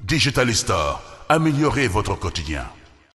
Digital Store, améliorez votre quotidien.